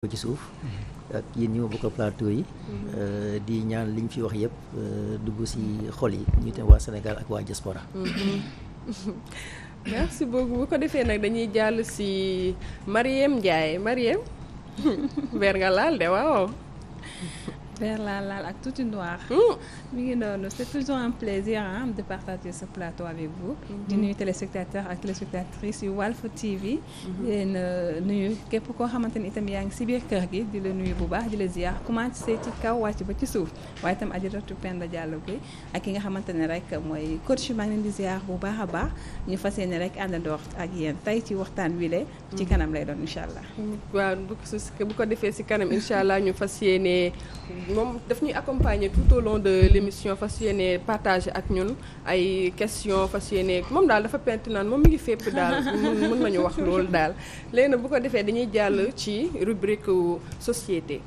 ko ci suuf ak yéen ñi ma bokk plateau yi mm-hmm. di ñaan liñ fi wax yëpp euh, dugg ci xol yi ñu tam waa Sénégal ak waa diaspora mm-hmm. merci beaucoup bu ko defee nag dañuy jàll ci Mariem Ndiaye Mariem weer laal de waaw vers la laal ak tuuti noir. mi ngi noonu c' est toujours un plaisir ah de partager ce plateau avec vous. Mm-hmm. di nuyu téléspectateurs ak téléspectatrices yu Walf TV. Mm-hmm. di leen euh, nuyu képp koo xamante ni itam yaa ngi si biir kër gi di la nuyu bu baax di la ziar commencé ci kaw wàcc ba ci suuf waaye itam ajaratu Penda Diallo gi ak ki nga xamante ne rek mooy coach maa ngi leen di ziar bu baax a baax ñu fas yéene rek àndandoor ak yéen tey ci waxtaan wi le mm-hmm. ci kanam lay doon incha allah. waaw bu ko defee si kanam incha allah ñu fas yéene moom daf ñuy accompagner tout au long de l' émission fas yéene partager ak ñun ay question fas yéene moom daal dafa pertinent moom mi ngi fépp daal mën ñu wax loolu daal léegi nag bu ko defee dañuy jàll ci rubrique société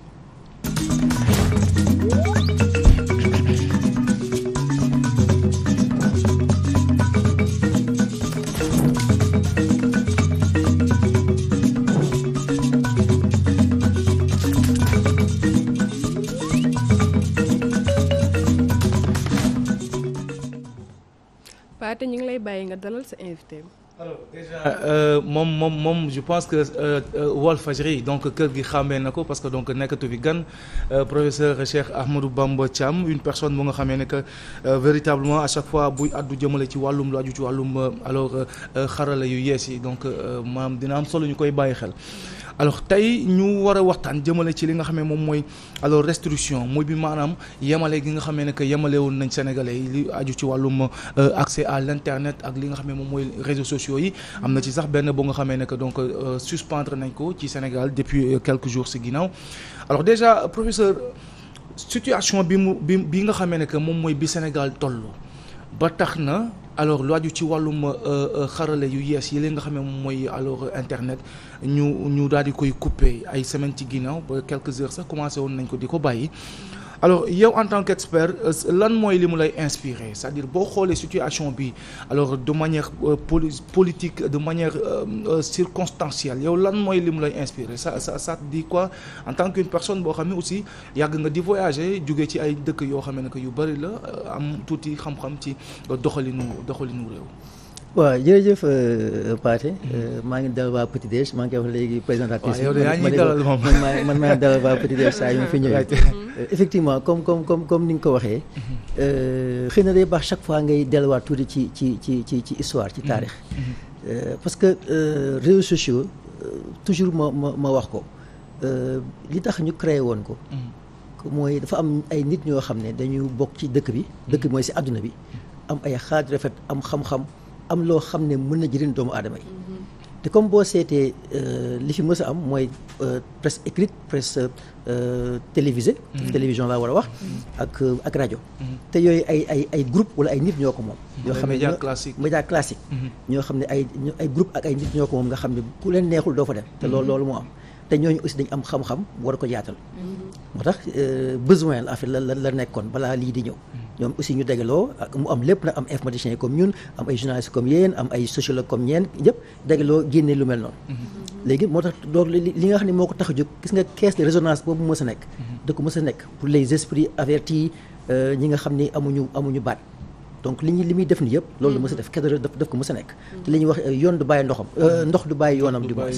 te ñu ngi lay bàyyi nga dalal sa invité bi. Euh, moom moom moom je pense que euh, euh, Walfadjri donc kër gi xàmmee na ko parce que donc nekkatu fi gan professeur Cheikh Ahmadou Bamba Thiam une personne bu nga xamee ne que véritablement à chaque fois buy addu jëmale ci wàllum lu aju ci wàllum alors xarala yu yees yi donc maam dina am solo ñu koy bàyyi xel. alors tey ñu war a waxtaan jëmale ci li nga xam ne moom mooy alors restriction mooy bi maanaam yemale gi nga xam ne que yemale woon nañ sénégalais yi li aju ci wàllum euh, accès à l' ak li nga xam ne moom mooy réseaux sociaux yi am na ci sax benn bu nga xamee ne que donc euh, suspendre nañ ko ci Sénégal depuis euh, quelques jours si ginnaaw alors déjà professeur situation bi mu bi bi nga xamee ne que moom mooy bi Sénégal toll ba tax na. alors lu aju ci wàllum euh, euh, xarale yu yees yi li nga xam ne mooy alors euh, internet ñu ñu daal di koy couper ay semaines ci ginnaaw ba quelques heures sax commencé woon nañ ko di ko bàyyi. alors yow en tant qu'expert euh, lan mooy li mu lay inspiré cest dire boo xoolee situation bi alors de manière euh, politique de manière euh, circonstancielle yow lan mooy li mu lay inspiré ça ça ça te quoi en tant qu'une personne boo xam ne aussi yàgg nga di voyager jóge ci ay dëkk yoo xam ne que yu bëri la am tuuti xam-xam ci doxalinu doxalinu réew. waaw jërëjëf euh, Pathé euh, maa ngi dalal waa Petit Déj maa ngi koy wax léegi présentatrice man maa ngi dalal Petit Déj saa yu fi ñëwee euh, effectivement comme comme comme comme ni nga ko waxee xëy na day baax chaque fois ngay delluwaat tuuti ci ci ci ci ci histoire ci taarix mm-hmm. Mm-hmm. parce que réseaux sociaux toujours ma ma ma wax ko li tax ñu créé woon ko mm-hmm. mooy dafa am ay nit ñoo xam ne dañu bokk ci dëkk bi dëkk bi mooy si àdduna bi am ay xaaj rafet am xam-xam am loo xam ne mën na jëriñ doomu aadama yi. te comme boo seetee euh, li fi mës a am mooy euh, presse écrite presse euh, télévisée. Mm-hmm. télévision laa war a wax. Mm-hmm. ak ak rajo. Mm-hmm. te yooyu ay ay ay groupe wala ay nit ñoo ko moom. ñoo xam ne média classique média ñoo xam ne ay ay groupe ak ay nit ñoo ko moom nga xam ne ku leen neexul doo fa dem. te loolu loolu moo am te ñooñu aussi dañu am xam-xam war ko yaatal. moo tax besoin la affaire la la nekkoon balaa lii di ñëw. ñoom aussi ñu dajaloo mu am lépp nag am informaticiens comme ñun am ay journalistes comme yéen am ay sociologues comme ñeen yëpp dajaloo génne lu mel noonu. Mm-hmm. léegi moo tax donc li nga xam ne moo ko tax a jóg gis nga caisse de résonance boobu mës a nekk. Mm-hmm. da ko mës a nekk pour les esprits avertis euh, ñi nga xam ni amuñu amuñu baat. donc li ñu li muy def ni yëpp loolu mës a def Kader daf ko mës nekk te li ñuy wax euh, yoon du bàyyi ndoxam euh, ndox du bàyyi yoonam du moins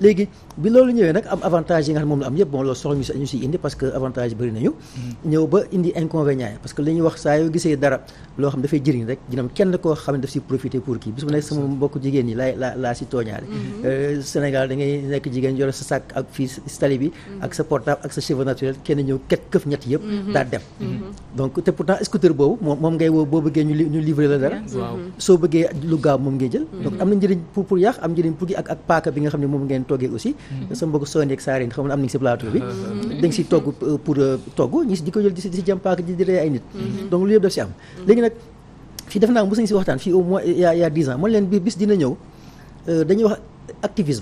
léegi bi loolu ñëwee nag am avantage yi nga xam moom la am yëpp bon loolu soxla ñu si indi parce que avantage bëri nañu mm-hmm. ñëw ba indi inconvénient yi parce que li ñuy wax saa yoo gisee dara loo xam dafay jëriñ rek dina kenn koo xam ne daf si pour kii bis bu nekk sama mbokk jigéen ñi laa laa si mm-hmm. euh, da ngay nekk jigéen sa sac ak fii stali bi mm-hmm. ak sa portable bëggee ñu ñu livrer la dara soo bëggee lu gaaw moom ngay jël mm-hmm. donc am na njëriñ pour pour yàq am njëriñ pour gi ak paaka bi nga xam ne moom ngeen toggee aussi mm-hmm. sama mbokk sondeeg saareen xam ne am nañ si plateau bi mm-hmm. dañ si togg euh, pour euh, togg ñi si di ko jël di si di paaka di di ay nit donc loolu yëpp daf si am léegi nag fii def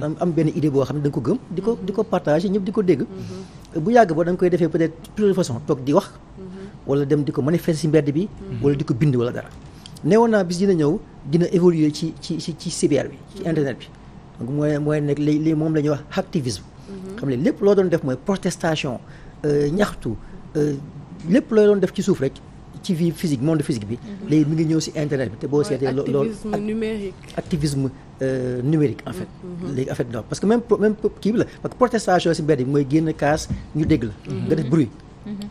naa am benn idée boo xam ne da ko gëm di ko di ko partager ñëpp di ko dégg bu yàgg ba da nga koy defee peut-être plusieurs façons wala dem di ko manifester si mbedd bi. wala di ko bind wala dara. newoon naa bi bis dina ñëw dina évoluer ci ci ci ci cyber bi ci internet bi donc mooy mooy nekk li li moom la ñuy wax hacktivisme. Mhm. xam ne lépp loo doon def mooy protestation euh, ñaxtu euh, lépp loo doon def ci suuf rek ci vie physique monde physique bi. Mhm. léegi mi ngi ñëw si internet bi te boo seetee. loolu activisme numérique activisme euh, numérique en fait. Mhm. léegi en fait non parce que même kii bi la parce que mooy génn kaas ñu dégg la. nga def bruit.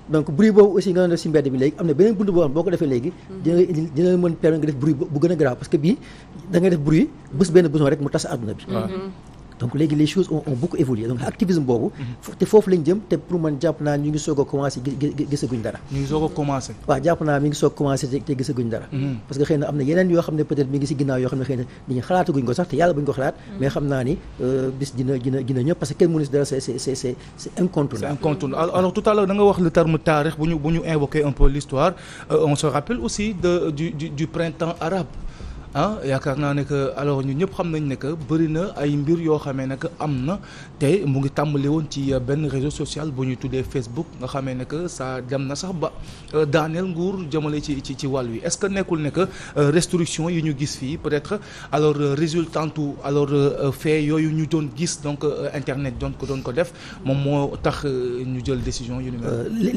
donc bruit boobu ussi nga doon def si mbedd bi léegi am na beneen bunt boo xam boo ko defee léegi hmm. dina la indi dina la mën permettre nga def bruit bu gën a garaaw parce que bii da def bruit bés benn bouton rek mu tas àdduna bi hmm. donc léegi les choses ont, ont beaucoup évolué donc activisme boobu. Mhm. te foofu lañ jëm te pour man jàpp naa ñu ngi soog a commencé gisaguñ dara. ñu ngi soog a commencé. waaw jàpp naa mi ngi soog commencé te gisaguñ dara. Mhm. parce que xëy am na yeneen yoo xam ne peut-être mi ngi si ginnaaw yoo xam ne xëy na nit ñi ko sax te yàlla buñ ko xalaat. Mhm. mais xam naa ni euh, bis dina dina parce que kenn mënu si dara c'est c'est c'est c'est incontournable. c'est incontournable alors ah yaakaar naa ne que alors ñu ñëpp xam nañ ne que bëri na ay mbir yoo xamee ne que am na te mu ngi tàmbali woon ci euh, benn réseau social bu ñuy tuddee Facebook nga xamee ne que ça dem na sax ba euh, daaneel nguur jëmale ci ci ci wàll wi est-ce que nekkul ne que euh, restriction yu ñu gis fii peut-être alors résultantu alors fait yooyu ñu doon gis donc internet doon ko doon ko def moom moo tax ñu jël décision yu ni mel.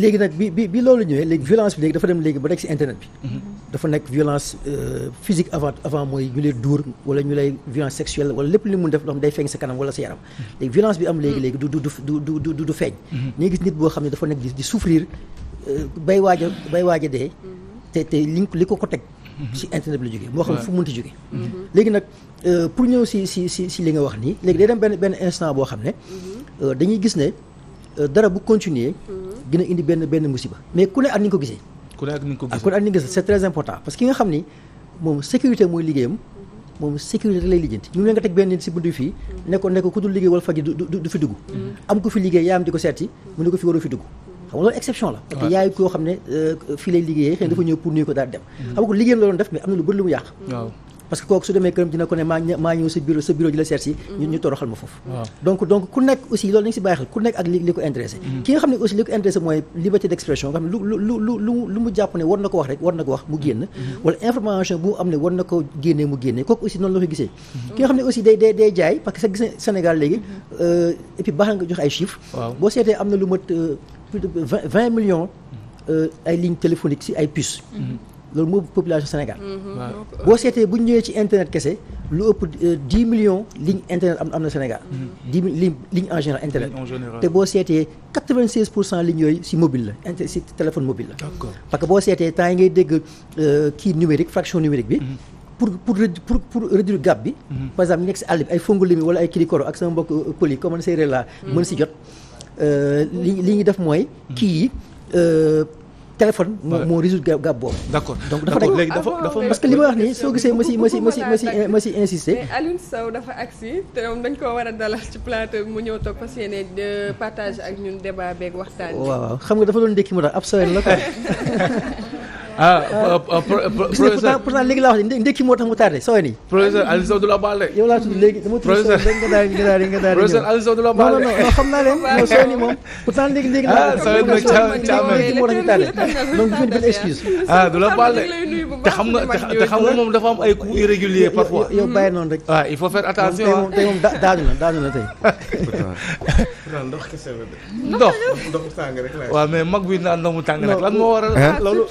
léegi nag bi bi bi loolu ñëwee léegi violence bi léegi dafa dem léegi ba nekk ci internet bi. Mhm. avant mooy ñu lay dóor wala ñu lay violence sexuelle wala lépp li mun def loo xam day feeñ sa kanam wala sa yaram mm-hmm. léegi violence bi am léegi-léegi mm-hmm. du du du du du du feeñ mm-hmm. ñi gis nit boo xam ne dafa nekk di souffrir euh, bay waaj a bay waaj a dee te te li li ko ko teg ci internet bi la jógee moo xam fu munti jógee léegi nag euh, pour ñëw si si si si li nga wax nii léegi day dem benn benn instant boo xam ne euh, dañuy gis ne dara bu continuer dina indi benn musiba mais ku ne ak ni nga ko gisee ku ne ak ni nga ko gisee parce que ki nga xam ni moom sécurité mooy liggéeyam moom sécurité lay lijjanti ñu ne nga teg benn nit si buntu fii ne ko ne ko ku dul liggéey wala fajji du fi dugg am ko fi liggéey yaa am di ko seeti mu ne ko fi waroo fi dugg xam nga loolu exception la parce que yaay koo xam ne euh, fii lay liggéeyee xëy na dafa ñëw pour nuyu ko daal dem mm. xam nga ko liggéeyam la doon def mais am na lu bëri lu mu yàq parce que kooku su demee këram dina ko ne maa maa ñëw sa bureau sa bureau di la seet si mm-hmm. ñu ñu toroxal ma foofu donc donc ku nekk aussi loolu nañ si bàyyi xel ku nekk ak li ko intéressé mm-hmm. ki nga xam ne aussi li ko intéressé mooy liberté d'expression nga xam ne lu day day jaay parce que sa gis Sénégal léegi mm-hmm. euh, et puis baax nga jox ay chiffres boo seetee am na lu mat euh, plus de vingt millions euh, ay lignes téléphoniques si ay puces loolu moo population Sénégal. Mhm. Euh, boo seetee bu ñu ñëwee ci internet kese lu ëpp 10 euh, millions ligne internet am am na Sénégal. 10 mhm. ligne ligne internet. te boo seetee 96 pour si mobile la inter si téléphone mobile la. parce boo seetee temps yi ngay dégg euh, kii numérique fraction numérique bi. Mhm. pour pour pour gap bi. par exemple nekk si àll bi ay Fongolemi wala ay Kilikoro ak sama mbokk pël comme man séeréer laa. mën si jot li li ñuy def mooy. kii téléphone. moo résoudre gab boobu. d'accord donc dafa léegi dafa dafa parce que li ma wax nii soo gisee ma si ma si ma si ma si ma dafa agsi te moom dañ koo war a dalal ci plateau mu ñëw toog fas yéene de euh, partage ak ñun débat beeg waxtaan. waaw xam nga dafa doon ndékki mu tax ab sowel la quoi. ah professeur pourtant léegi laa wax ne ndekki moo tax mu tardé sooy nii. professeur Alioune Sow du la baal yow laa tudd léegi dama tudd. professeur nga daal nga daal nga daal professeur Alioune Sow du la baal non non xam naa leen non sooy nii moom pourtant léegi léegi laa. ah sooy nag ndekki moo tax ñu tardé donc bu benn excuse. ah du la baal te xam nga te xam nga moom dafa am ay coups irréguliers parfois. yow bàyyi noonu rek. waaw il faut faire attention ah tey moom daanu na daanu na tey. naan ndox kese la de. ndox ndox tàng rek laay. waaw mais mag bi naan ndox mu tàng rek lan moo waral loolu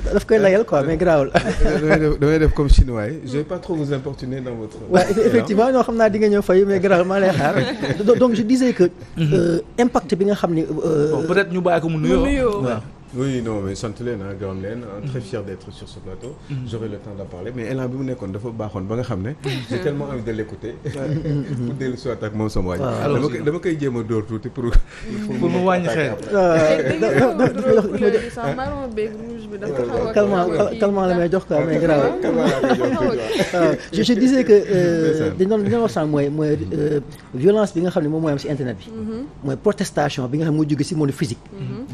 daf koy layal quoi mais garaawul. damay def comme chinois yi je vais pas trop vous importuner dans votre. waaw effectivement non xam naa di nga ñëw fayu mais garaawul maa lay xaar donc je disais que. Mhm. Euh, impact bi nga xam ni. Euh, peut-être ñu bàyyi ko mu nuyoo waaw. oui non mais sant leen ah gërëm leen très fier le temps d'en parler mais élan bi mu nekkoon dafa baaxoon ba nga xam ne. j'ai tellement envie de pour dellu si waat ak a dóor tuuti pour. pour mu wàññi jox quoi mais grave. je disais que li ñu doon wax sànq mooy bi nga xam ne moom mooy si internet bi. mooy protestation bi nga xam ne moo si monde physique.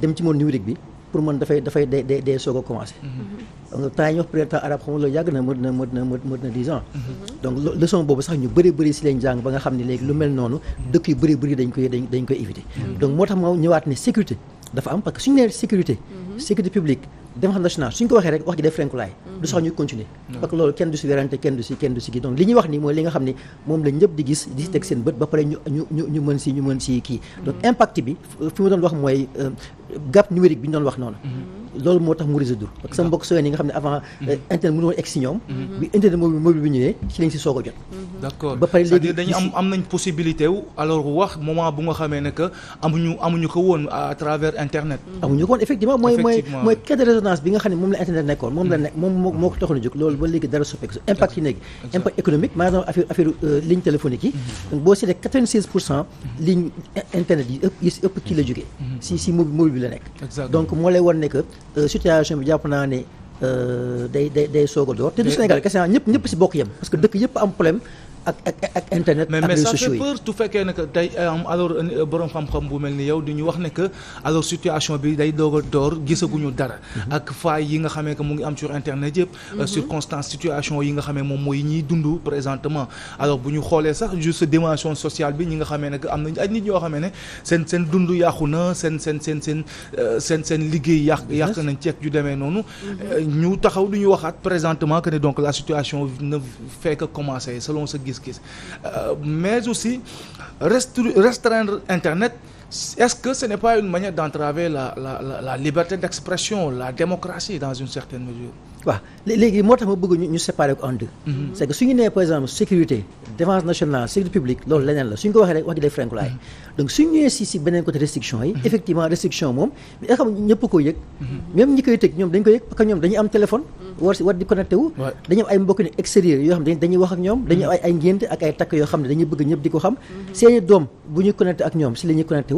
dem ci monde numérique bi. pour man dafay dafay day day day soog a commencé. Mm-hmm. Mm-hmm. donc temps yi ñuy wax printemps arabe yàgg na mën na mën na mën na dix ans. Mm-hmm. donc leçon boobu sax ñu bëri bëri si lañ jàng ba nga xam ni léegi lu mel noonu dëkk yu bëri bëri dañ koy dañ koy éviter. donc moo tax ma ñëwaat ne sécurité dafa am parce que suñu nee sécurité. sécurité publique défense nationale suñ ko waxee rek wax ji def frenkulaay mm-hmm. du sax ñuy continuer mm-hmm. parce loolu kenn du si werante kenn du si kenn du si kii donc li ñuy wax ni mooy li nga xam ne moom la ñëpp di gis di si teg seen bët ba pare ñu ñu ñu mën si ñu mën si kii donc mm-hmm. impact bi fi ma doon wax mooy euh, gap numérique bi ñu doon wax noonu loolu moo tax mu résoudre parce sama mbokk sowen yi nga xam ne avant mhm. euh, internet mënu woon egg si ñoom mhm. bi internet mobile mobile bi ñëwee ci lañ si soog a jot mhm. d'accord ba pare léegi dañu am am nañ possibilité wu alors wax moment bu nga xamee ne que amuñu amuñu ko woon à travers internet amuñu ko woon effectivement mooy mooy résonance bi nga xam ne moom la internet nekkoon moom la nekk moom moo ko taxoon a loolu ba léegi dara soppeeku impact yi nekk impact économique maanaam kii euh, la jógee si si nekk donc moo lay wan ne Euh, situation bi jàpp naa ne euh, day day day soog door te du Sénégal kese ñëpp ñëpp si bokk yam parce que dëkk yëpp am problème ak ak internet. mais mais ça fait peur tu fekkee ne que tey euh, alors euh, borom xam-xam bu mel ni yow di ñu wax ne alors situation bi day doog a door gisaguñu dara. Mhm. ak faay yi nga xamee que mu ngi am sur internet yëpp. Euh, mhm. circonstance situation yi nga xamee moom mooy ñiy dund présentement alors bu ñu xoolee sax juste dimension sociale bi ñi nga xamee ne que am na ay nit ñoo xamee ne seen seen dund yàqu na seen seen seen seen seen seen liggéey yàq yàq nañ ceeg yu demee noonu. Mhm. ñu taxaw du ñu waxaat présentement que ne donc la situation ne commencer selon sa gis. gis-gis uh, mais aussi restreindre internet est-ce que ce n'est pas une manière d'entraver la la liberté d'expression la démocratie dans une certaine mesure. waaw léegi moo tax ma bëgg ñu séparer ko en deux. Mm-hmm. su ñu nee par exemple sécurité défense nationale sécurité publique loolu leneen la su ñu ko waxee rek wax ji day frenkulaay mm-hmm. donc su ñu ñëwee si si beneen côté restriction yi. Mm-hmm. effectivement restriction moom mais xam ñëpp ko yëg. même ñi koy tëj yëg parce que ñoom dañuy am dañu ay mbokk ne extérieur yoo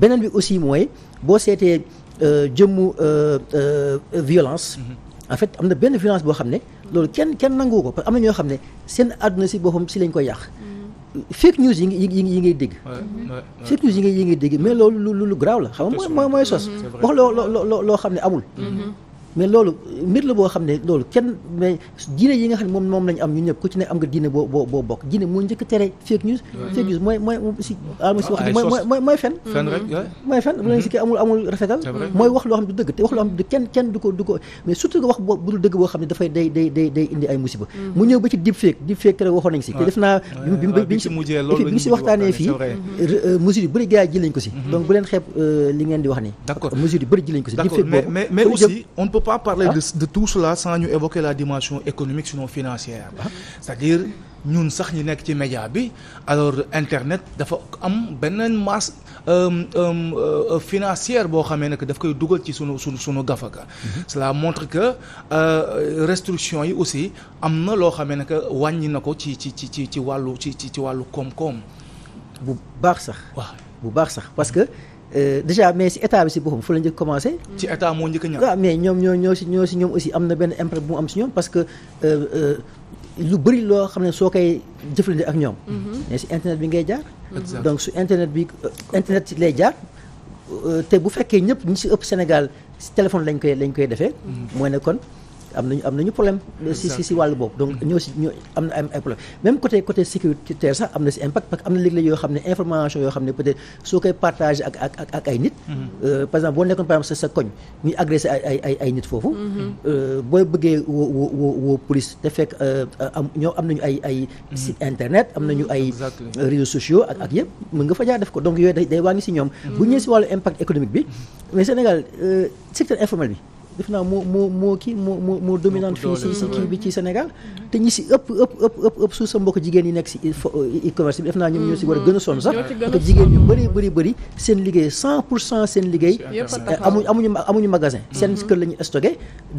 beneen bi aussi mooy boo seetee euh, jëmmu euh, euh, violence. Mhm. en fait am na benn violence boo xam ne loolu kenn kenn nangu ko parce que am na ñoo xam ne seen àdduna si boppam si lañ koy yàq. Mhm. fake news yi ngi yi yi ngay dégg. fake news yi ngay yi ngay dégg mais loolu lu lu lu garaaw la. xam nga mooy mooy sos. wax loo loo loo xam ne amul. Mhm. mais loolu mbir la boo xam ne loolu kenn mais diine yi nga xam ne moom moom lañ am ñu ñëpp ku ci ne am nga diine boo boo bokk diine moo njëkk tere fake news fake news mooy mooy ah, si alma wax ah, mooy mooy fen mm-hmm. mooy ko du ko mais ne dafay day day day day indi ay musiba mm-hmm. mu ñëw ba ci deep fake deep fake tere waxoon nañ si te def naa bi bi ñu si waxtaanee fii euh, mesures yu bëri gars yi ji lañ ko si mm-hmm. donc bu leen xeeb euh, li ngeen di wax ni mesures yu bëri ji lañ ko si deep fake boobu pas parler ah. de, de tout cela sans ñu évoquer la dimension économique sinon financière ah. c'est-à-dire ñun sax ñi nekk ci média bi alors internet dafa am beneen masse euh, euh, euh, financière boo xamee ne que daf koy dugal ci sunu sunu sunu gafaka mhm. cela montre que restriction yi aussi am na loo xamee ne que wàññi na ko ci ci ci ci ci wàllu ci ci ci wàllu koom bu baax sax waaw bu baax sax Euh, déjà mais si état bi si boppam fu la njëkk commencé. ci état moo njëkk a waaw mais ñoom ñoo ñoo si ñoo si ñoom aussi am na benn impact bu mu am si ñoom parce que euh, euh, lu bëri loo xam ne soo koy jëflante ak ñoom. Mhm. mais si internet bi ngay jaar. donc su internet bi internet ci lay jaar. te bu fekkee ñëpp ñi si ëpp Sénégal si téléphone lañ koy lañ koy defee. Mhm. mooy ne am nañu am nañu problème. si si wàllu boobu. donc mm-hmm. ñoo si ñoo am na ay problème même côté côté sécuritaire sax am na si impact parce que am na léeg-léeg yoo xam ne information yoo xam ne peut-être soo koy partagé ak ak ak ay nit. Mm-hmm. Euh, par exemple boo nekkoon par exemple sa koñ ñuy agressé ay ay ay nit foofu. Mm-hmm. Euh, booy bëggee woo woo police te fekk euh, am ñoo am nañu ay ay. site internet am nañu ay. réseaux sociaux ak ak yëpp mun nga fa def ko donc yooyu day day wàññi si ñoom. bu ñëwee si wàllu impact bi mais Sénégal secteur informel bi. def naa moo moo moo kii moo moo moo dominante si kii bi ci mm-hmm. Sénégal te ñi si ëpp ëpp ëpp ëpp ëpp su sa mbokk jigéen yi nekk si e-commerce bi def naa a gën a sonn sax parce mm-hmm. que jigéen ñu bëri bëri bëri seen liggéey cent eh, amuñu magasin mm-hmm. seen kër la ñu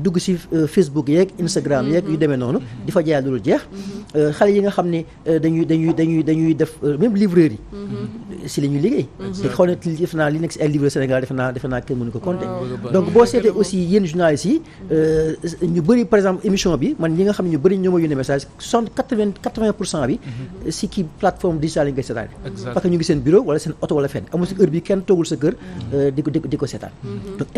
dugg si euh, Facebook yeeg Instagram yeeg yu demee noonu di fa jaay loolu jeex euh, xale yi nga xam ne euh, dañuy dañuy dañuy dañuy def même livreur yi si la ñuy liggéey te naa li nekk si ay livreur Sénégal def naa def naa kenn mënu ko compter donc boo seetee aussi journalistes yi. Euh, ñu bëri par exemple émission bi man ñi nga xam ne ñu bëri ñoo ma yónnee message soixante quatre vingt quatre vingt pour cent bi. Mhm. si kii plateforme digitale yi ngay seetaan. parce kenn toogul sa kër. Mhm. Euh, di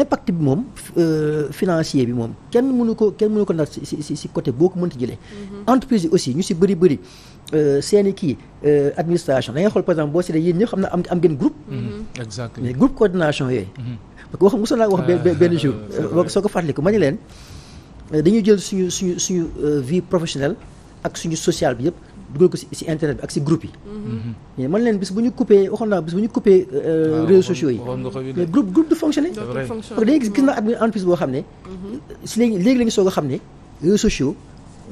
mhm. moom euh, financier bi moom kenn mënu ko kenn mënu ko naat si si si côté boo ko mënta jëlee. entreprise yi aussi ñu si bëri bëri. seeni kii administration da ngay xool par exemple boo seetee yéen ñëpp xam na am am ngeen groupe. coordination yooyu. wax mosoon naa wax benn ah, benn jour. Euh, soo ko fàttaliku ma ne leen euh, dañuy jël suñu suñu suñu euh, vie professionnelle ak suñu social bi yëpp dugal ko si si internet bi ak si group yi. Mm-hmm. mais man leen bis bu ñu coupé waxoon naa bis bu ñu coupé. Ah, réseaux sociaux yi mais groupe groupe du fonctionner. dootul fonctionner parce que dañuy gis gis naa entreprise boo xam ne. Mm-hmm. si léegi léegi la ñu soog xam ne réseaux sociaux.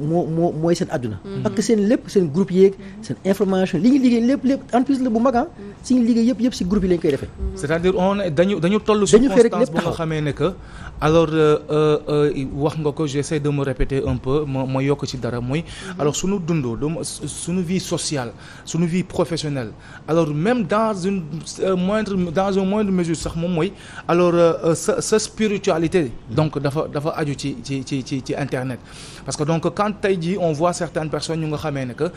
moo moo mooy seen àdduna mm-hmm. parce seen lépp seen groupe yeeg mm-hmm. seen information li ñu liggéey lépp lépp entreprise la bu mag ah mm-hmm. si ñu liggéey yëpp yëpp si groupe yi la koy defe c'est-à-dire on dañu dañu toll circonstance bu nga xamee ne que alors euh, euh, euh, wax nga ko j'essaie de me répéter un peu ma ma yokk ci dara mooy alors suñu dund dama suñu vie sociale suñu vie professionnelle alors même dans une moindre dans une moindre mesure sax moom mooy alors sa sa spiritualité donc dafa dafa aju ci ci ci ci ci internet parce que donc quand tey ji on voit certaines personnes ñu nga xamee ne que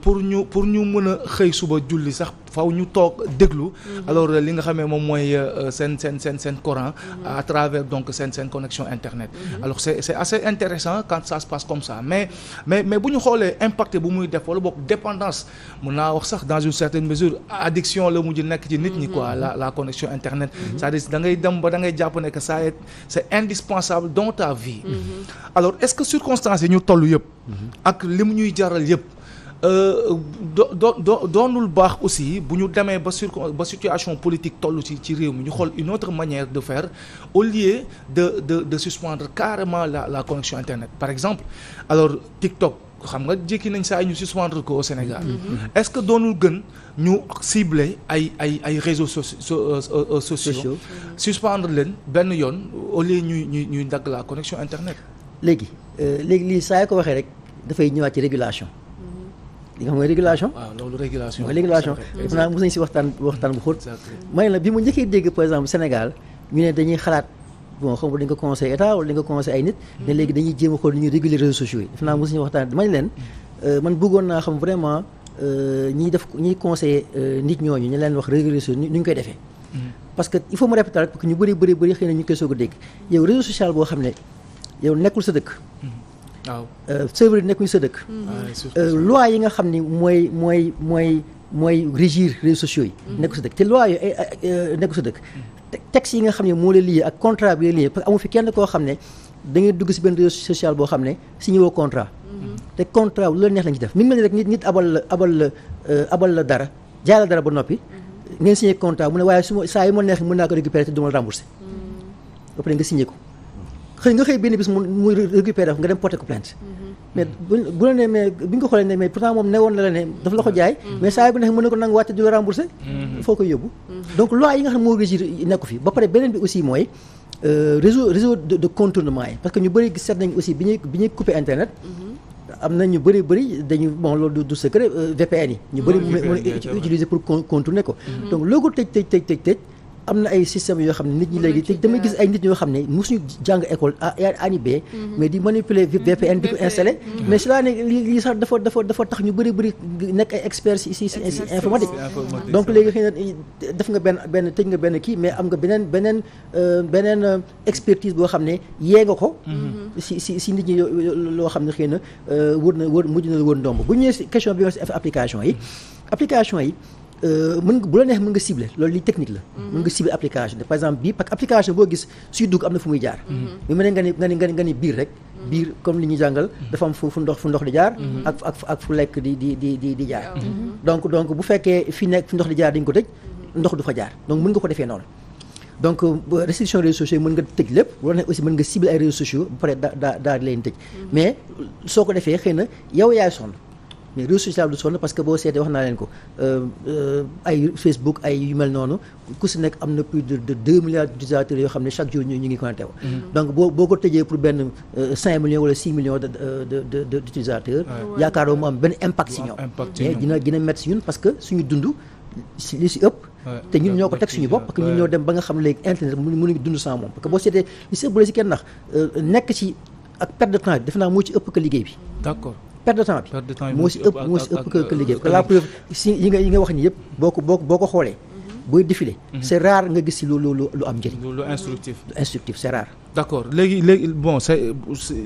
pour ñu pour ñu mën a xëy suba julli sax faw ñu toog déglu. Mhm. alors li nga xamee moom mooy euh, seen seen seen seen Coran. Mhm. à travers donc seen seen connexion internet. Mhm. alors c'est c'est assez intéressant quand ça se passe comme ça mais mais mais bu ñu xoolee impact bu muy def wala boog dépendance mun naa wax sax dans une certaine mesure addiction la mujj nekk ci nit ñi quoi la la connexion internet. c'est-à-dire da ngay dem ba da ngay jàpp ne que ça c'est indispensable dans ta vie. alors est circonstances yi ñu toll yëpp. ak li mu ñuy jaral yëpp. Euh, do do doonul baax aussi bu ñu demee ba circon ba situation politique toll ci ci réew mi ñu xool une autre manière de faire au lieu de de de suspendre carrément la la connexion internet par exemple alors TikTok xam nga jékki nañ saa ñu suspendre ko au Sénégal. Mm-hmm. Mm-hmm. est-ce que doonul gën ñu cible ay ay ay réseaux euh, euh, sociaux. sociaux suspendre leen benn yoon au lieu ñuy ñuy ñuy dagg la connexion internet. léegi euh, léegi lii saa ko waxee rek dafay ñëwaat ci régulation. li nga xam mooy régulation. waaw loolu régulation mooy régulation. naa mos nañu si waxtaan waxtaan bu xóot. may la bi mu njëkkee dégg par exemple Sénégal ñu ne dañuy xalaat bon xam nga dañ ko conseil état wala dañ ko conseil ay nit. ne léegi dañuy jéem a xool ni ñuy réguler réseaux sociaux yi. def naa mos nañu waxtaan may leen euh, man bëggoon naa xam vraiment euh, ñiy def ñiy conseiller nit ñooñu ñu leen wax réguler ni ñu koy defee. Mm-hmm. parce que ñu bëri bëri bëri xëy na ñu a boo xam ne yow nekkul sa dëkk. Mm-hmm. waaw serveur nekkuñu sa dëkk. Mm-hmm. Euh, ah, loi yi nga xam ni mooy mooy mooy mooy régir réseaux sociaux yi. Mm-hmm. nekkul sa dëkk te loi yooyu ay eh, eh, eh, euh, nekkul sa dëkk. texte yi nga xam ne moo lay lié ak contrat bi lay lié parce que amu fi kenn koo xam ne da ngay dugg si benn réseau social boo xam ne signé woo contrat. te contrat lu la neex lañ ci def mi ngi mel rek nit nit abal la abal la euh, abal la dara jaay la dara ba noppi. ngeen signé contrat mu ne waaye su ma saa yi ma neex mën naa ko récupérer te du ma la remboursé. ba pare nga signé ko. xëy nga xëy benn bis mu muy récupéré nga dem porté ko plainte mm-hmm. mais bu la ne mais bi nga ko xoolee ne mais pourtant moom ne woon na la ne dafa la jaay mm-hmm. mais saa bu ne mën na ko nanguwaat te du la mm-hmm. foo koy yóbbu donc bi aussi mooy euh, réseau réseau de contournement yi ñu bëri seet nañ aussi bi ñuy na ñu bëri bëri dañu bon loolu du secret euh, ñu bëri mën a utiliser ko donc loo ko tëj tëj tëj tëj tëj am na ay système yoo xam ne nit ñi léegi te damay gis ay nit ñoo xam ne mosuñu jàng école ani B mhm. mais di manipuler mhm. VPN di ko installé mhm. mais cela ne lii sax dafa dafa dafa tax ñu bëri bëri nekk ay experts si informatique donc léegi xëy na def nga benn benn tëj nga benn kii mais am nga beneen beneen euh, beneen euh, expertise boo xam ne yee nga ko si si si nit ñi loo xam ne xëy na euh, wër na wër mujj na wër ndomb bu ñëwee question bi nga si application yi application yi Euh, mën nga bu la neex nga cibler loolu li technique la. Mhm. mën nga cibler application par exemple bii parce que application boo gis suy dugg am na fu muy jaar. Mhm. Mhm. mais mu nga ni nga ni nga ni biir rek. biir comme li ñuy jàngal. dafa am fu ndox fu ndox di jaar. ak ak fu lekk di di di di di jaar. donc donc bu fekkee fi nekk fi ndox di jaar dañ ko tëj. ndox du fa jaar donc mën nga ko defee noonu. donc euh, restriction réseaux sociaux yi mën nga tëj lépp loolu nag aussi mën nga cibler ay réseaux sociaux ba pare daa daa daal leen tëj. mais soo ko defee xëy na yow yaay sonn. mais réseaux sociaux du sonn parce que boo seetee wax naa leen ko euh, euh, ay Facebook ay yu noonu ku si nekk am na plus de de deux milliards d'utilisateurs yoo xam ne chaque jour ñu ngi connecté wu. Mm-hmm. donc boo boo ko tëjee pour benn euh, cinq millions wala six millions de de de de d'utilisateurs. yaakaaroo mu am benn impact si ñoom. dina dina métti ñun parce que suñu dund li si ëpp. te ñun ñoo ko teg suñu bopp parce que ñun ñoo dem ba nga xam léegi internet mënu mënuñu dund sans moom parce que boo naa moo ci ëpp que liggéey bi. d'accord. perte de temps bi moo si ëpp moo si ëpp que liggéey que la preuve si yi nga yi nga wax ni yëpp boo ko boo boo ko xoolee mhm. booy défilé mhm. c'est rare nga gis si lu lu lu am njëriñ lu instructif instructif c'est d'accord léegi léegi bon c'est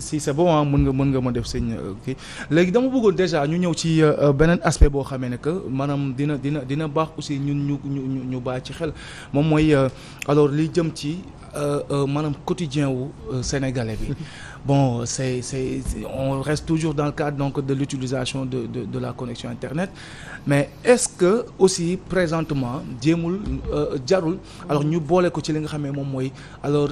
si bon ah nga mën nga ma def sëñ euh, kii léegi dama bëggoon déjà ñu ñëw ci euh, euh, beneen aspect boo xamee ne que maanaam dina dina dina baax aussi ñun ñu ñu ñu bàyyi ci xel moom mooy alors li jëm ci maanaam quotidien wu sénégalais bi bon c'est c'est on reste toujours dans le cadre donc de l'utilisation de de la connexion internet mais est-ce que aussi présentement jéemul jarul alors ñu boole ko ci li nga xamee moom mooy alors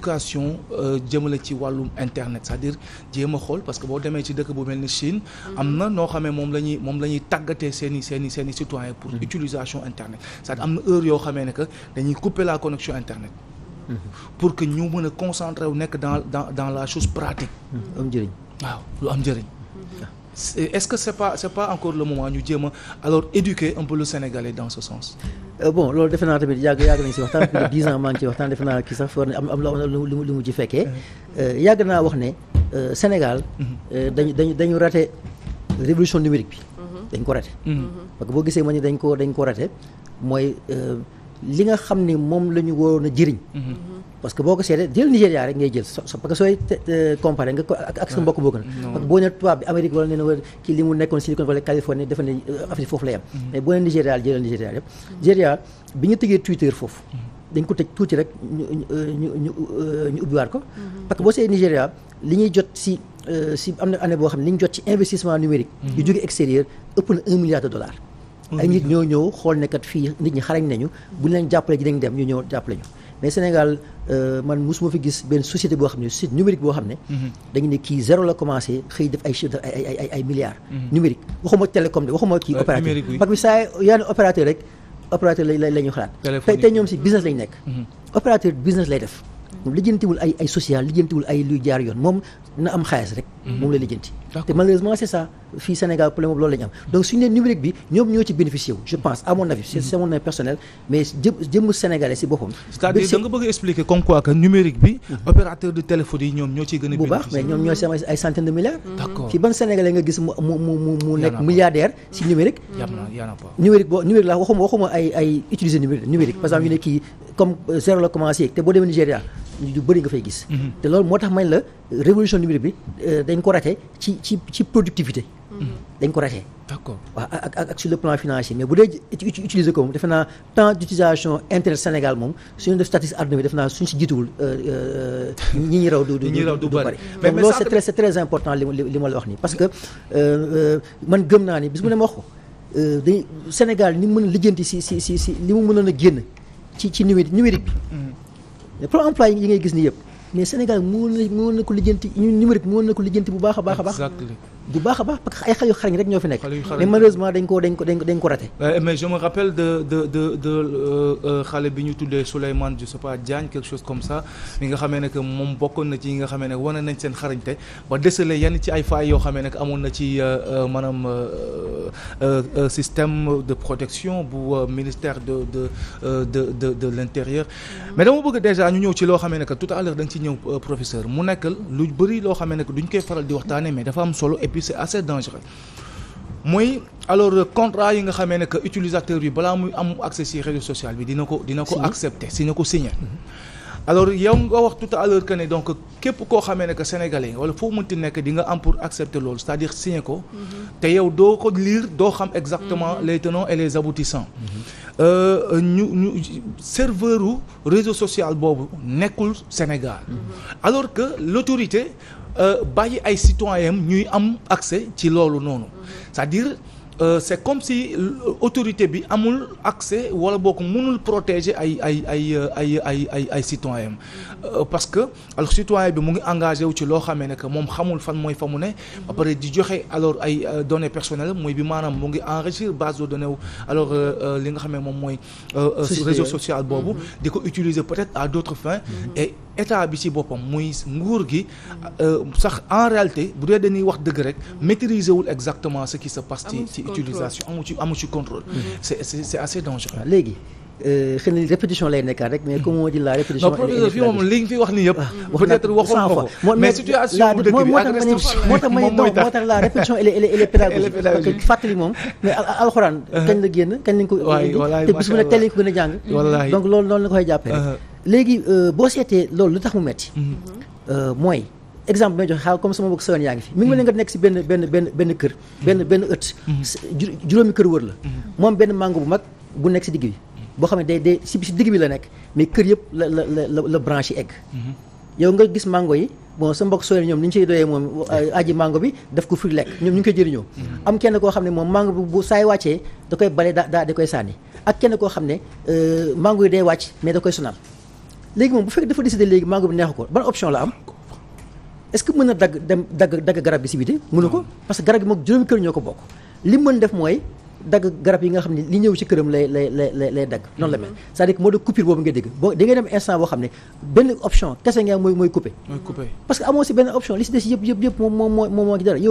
éducation euh, jëmale ci wàllum internet cest dire jéem a xool parce que boo demee ci dëkk bu mel ni Chine. am na noo xamee moom la ñuy moom la tàggatee seen seeni seen i pour mhm. utilisation internet cest à am na heure yoo xamee ne que dañuy couper la connexion internet. Mhm. pour que ñu mën a concentré wu nekk dans dans dans la chose pratique. am njëriñ waaw lu am njëriñ. est-ce que c'est pas c'est pas encore le moment ñu jéem a alors éduquer un peu le Sénégalais dans ce sens. Euh, bon loolu defe naa tamit yàgg yàgg nañu si waxtaan plus dix ans maa ngi waxtaan defe naa kii sax war na am am lu lu mu ci fekkee uh-huh. euh, yàgg naa wax ne euh, Sénégal. Uh-huh. dañu dañu révolution numérique bi. Uh-huh. dañ ko raté. parce boo gisee ma ni dañ ko dañ ko raté mooy. li nga xam ne moom la ñu waroon a jëriñ mhm. parce boo ko seetee jël Nigéria rek ngay jël parce que sooy comparé nga ko ak sa mbokk boo ne na euh, kii mhm. boo ne mhm. euh, euh, Nigéria li ñuy jot si si am na année boo xam ne li ñu jot ci investissement numérique yu jóge extérieur ëpp na un milliard de dollars ay nit ñoo ñëw xool ne kat fii nit ñi xarañ nañu bu ñu leen jàppale ji dañ dem ñu ñëw jàppale ñu mais Sénégal euh, man mosuma fi gis benn société boo xam ne société numérique boo xam ne. Mhm. dañu ne kii zéro la commencé xëy def ay chiffres ay ay mhm. numérique waxuma télécom de waxuma kii opérateur. parce que saa yaa ne rek opérateur la xalaat. tey ñoom si business lañu nekk. Mhm. opérateur business lay def. lijjantiwul ay ay social lijjantiwul ay luy jaar yoon Mhm. moom la lijjanti te malheureusement c'est ça fii Sénégal problème boobu loolu la am donc suñu nee numérique bi ñoom ñoo ci bénéficié je pense à mon avis c'est mhm. mon avis personnel mais boppam cest à nga bëgg expliquer comme quoi que numérique bi mhm. opérateur de téléphone yi ñoom ñoo ciy gën a bu baax mais ñoom ñoo si ay centaines de milliards d'accord fii ban Sénégalais nga gis mu mu mu nekk milliardaire si numérique numérique boo numérique laa waxuma ay ay dañ ko raté ci ci ci productivité. Mm-hmm. dañ ko raté. d'accord waaw ak ak sur le plan financier mais bu dee utiliser ko moom defe naa temps d'utilisation inter Sénégal moom suñu def statistique àdduna bi defe naa suñ si jiituwul euh, euh, ñi ñi raw du du du bari donc loolu c'est très c'est très important li li ma la wax nii parce que euh, man gëm naa ni bis bu ne ma wax ko dañ Sénégal ni mu mën a lijjanti si si si si li mu mënoon a génn ci ci numérique numérique bi. Mm-hmm. pour emploi yi ngay gis nii yëpp. mais Sénégal moo na moo na ko lijjanti ñun numérique moo na ko lijjanti bu baax a baax a baax bu baax a baax parce que ay xale yu xarañ rek ñoo fi nekk. mais malheureusement dañ ko dañ ko dañ mais je me rappelle de de de euh, euh, xale bi ñu tuddee Souleymane je sais pas Diagne quelque chose comme ça mi nga xamee ne que moom bokkoon na ci ñi nga xamee ne wane nañ seen xarañte ba décelé yenn ci ay failles yoo xamee ne amoon na ci euh, maanaam système de protection bu ministère de de de de de l'intérieur. Mm-hmm. mais dama bëgg déjà ñu ñëw ci loo xamee ne que tout à l'heure da ci ñëw professeur mu nekk lu bëri loo xamee ne que duñ koy faral puis c'est assez dangereux mooy alors contrat yi nga xamee ne que utilisateur bi balaa muy am accès ci réseau social bi dina ko dina ko accepter si na ko signer alors yow nga wax tout à l'heure que ne donc képp koo xamee ne que sénégalais wala foo mënti nekk di nga am pour accepter loolu c'est-à-dire signer ko mhm. te yow doo ko liir doo xam exactement mhm. les tenants et les aboutissants mhm. euh, ñu ñu serveur u réseau social boobu nekkul Sénégal alors que l'autorité Euh, bàyyi ay citoyens ñuy am accès ci loolu noonu c'est-à-dire Euh, c'est comme si autorité bi amul accès wala bokk mënul protéger ay ay ay ay ay ay ay citoyen euh, parce que alors citoyen bi mu ngi engagé wu ci loo xamee ne que moom xamul fan mooy fa mu ne ba pare di joxe alors ay euh, données personnelles mooy bi maanaam mu ngi enrichir base de données wu euh, li nga xamee moom mooy réseau social boobu di ko utiliser peut-être à d'autres fins mm-hmm. et état bi ci boppam muy nguur gi euh, sax en réalité bu dee dañuy wax dëgg rek maîtriser wul exactement ce qui se passe ci ci utilisation amu ci amu ci contrôle mm-hmm. c'est assez dangereux ah, léegi euh, répétition lay nekkaat rek mais comme mm-hmm. on dit la répétition. li nga fi wax nii yëpp. Ah, peut-être waxoon na ko mais situation bu dëkk bi ak restitution moo tax génn kañ lañ ko. ko gën a jàng. donc loolu noonu la koy jàppee rek. Uh-huh. léegi euh, boo seetee loolu lu tax mu metti mhm. euh, mooy exemple may joxe xaal comme sama mbokk sëwén yaa ngi fi mi ngi nga nekk si benn benn benn benn kër mhm. benn benn ëtt mhm. kër wër la moom benn mango bu mag bu nekk si digg bi boo xam ne day day si si digg bi la nekk mais kër yëpp la la la la branche yi egg yow nga gis mango yi bon sa mbokk sooyee ñoom ni ñu ciy doyee moom aji mango bi daf ko firi lekk ñoom ñu ngi koy jëriñoo am kenn koo xam ne moom mango bi bu saay wàccee da koy bale daa daa da koy sànni ak kenn koo xam ne euh, mango yi day wàcc mais da koy sonal léegi moom bu fekk dafa décider léegi mango bi neexu ko ban option la am est mën na dagg dagg garab bi si biti mënu ko parce que garab gi moom juróomi kër ñoo ko bokk li mën def mooy dagg garab yi nga xam ne li ñëw ci këram lay lay dagg noonu la mel mm-hmm. c'est-à-dire moo de coupure boobu nga dégg boo da ngay dem instant boo xam ne benn option kese nga mooy coupé parce que amoo si benn option li si des yëpp yëpp yëpp moom moom moo moom moo ci dara yow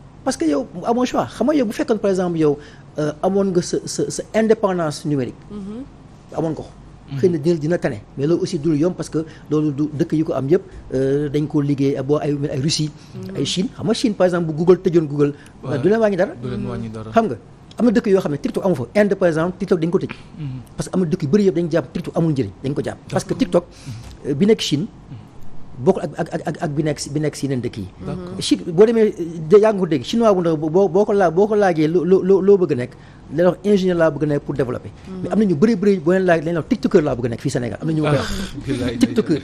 parce que yow amoo choix xam nga yow bu fekkoon par exemple yow euh, amoon nga sa sa numérique. Mm-hmm. amoon ko. Mm-hmm. xëy na dina tane mais loolu aussi dul yomb parce que loolu du dëkk yi ko am yëpp euh, dañ ko liggéey boo ay ay Russie. Mm-hmm. ay Chine xam nga am na dëkk yoo xam ne TikTok amu fa Inde par exemple TikTok dañ ko tëj. parce que am na dëkk yu bëri yëpp dañ jàpp TikTok amul njëriñ dañ ko jàpp. parce que TikTok euh, bi nekk Chine. bokkul boo ko laajee loo loo loo bëgg a nekk. dañu wax ingénieur laa bëgg nekk pour développer. Mm. am na ñu bëri bëri boo leen laaj dañu la wax tiktokeur laa bëgg nekk fii Sénégal am na ñu. ah tiktoker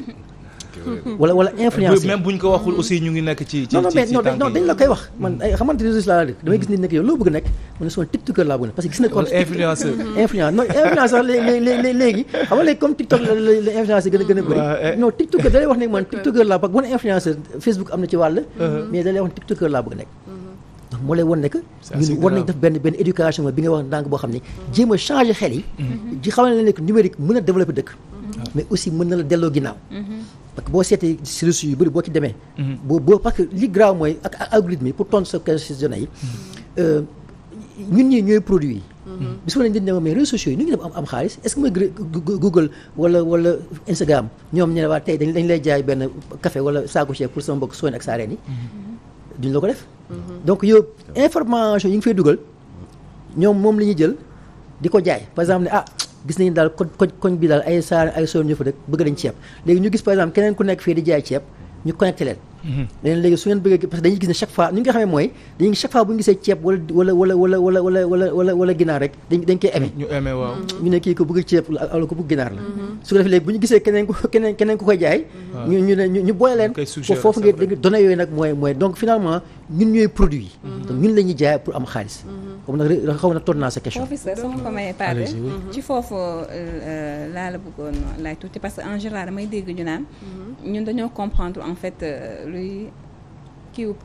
Mm-hmm. wala wala influence même bu ñu ko waxul aussi ñu ngi nekk ci ci non non mais non la koy wax man mm-hmm. xamante réseaux laa dëkk damay gis nit nekk yow loo bëgg nekk mu ne son laa bëgg nekk parce que tiktok a gën eh. da lay wax ne laa bëgg mm-hmm. nekk moo lay wan ne war nañ def benn benn éducation bi nga wax ndànk boo xam ne jéem a xel yi ji xamal ne que numérique mën a développer dëkk mais aussi mën na la delloo ginnaaw parce que boo seetee si réseaux yu bëri boo ci demee. Mhm. boo boo parce que li grave mooy ak algorithme yi pour tontu sa question yi. Euh, ñun ñii ñooy produit yi. Mhm. bis ma leen di demee mais réseaux sociaux yi nu ñu def am xaalis est-ce que mooy Google wala wala Instagram ñoom ñu ne waa tey dañ lay jaay benn café wala saako ceeb pour sama mbokk soñ ak saareen yi. Mhm. duñ la ko def. donc yow information yi nga fay dugal ñoom moom la ñuy jël di ko jaay par exemple ne ah. gis nañu daal koñ koñ bi daal ay saar ay soor ñu fa bëgg dañ ceeb léegi ñu gis par exemple keneen ku nekk fii di jaay ceeb ñu connecté leen mm-hmm. léegi koy jaay mm-hmm. ñu ñu foofu nga données yooyu nag mooy donc finalement ñun ñooy produit mm-hmm. donc ñun la jaay pour am xaalis comme nag xaw na toon naa sa question. professeur ci foofu laa la bëggoon laay tuuti parce que en général damay dégg ñu naan. ñun dañoo comprendre en fait luy kiiw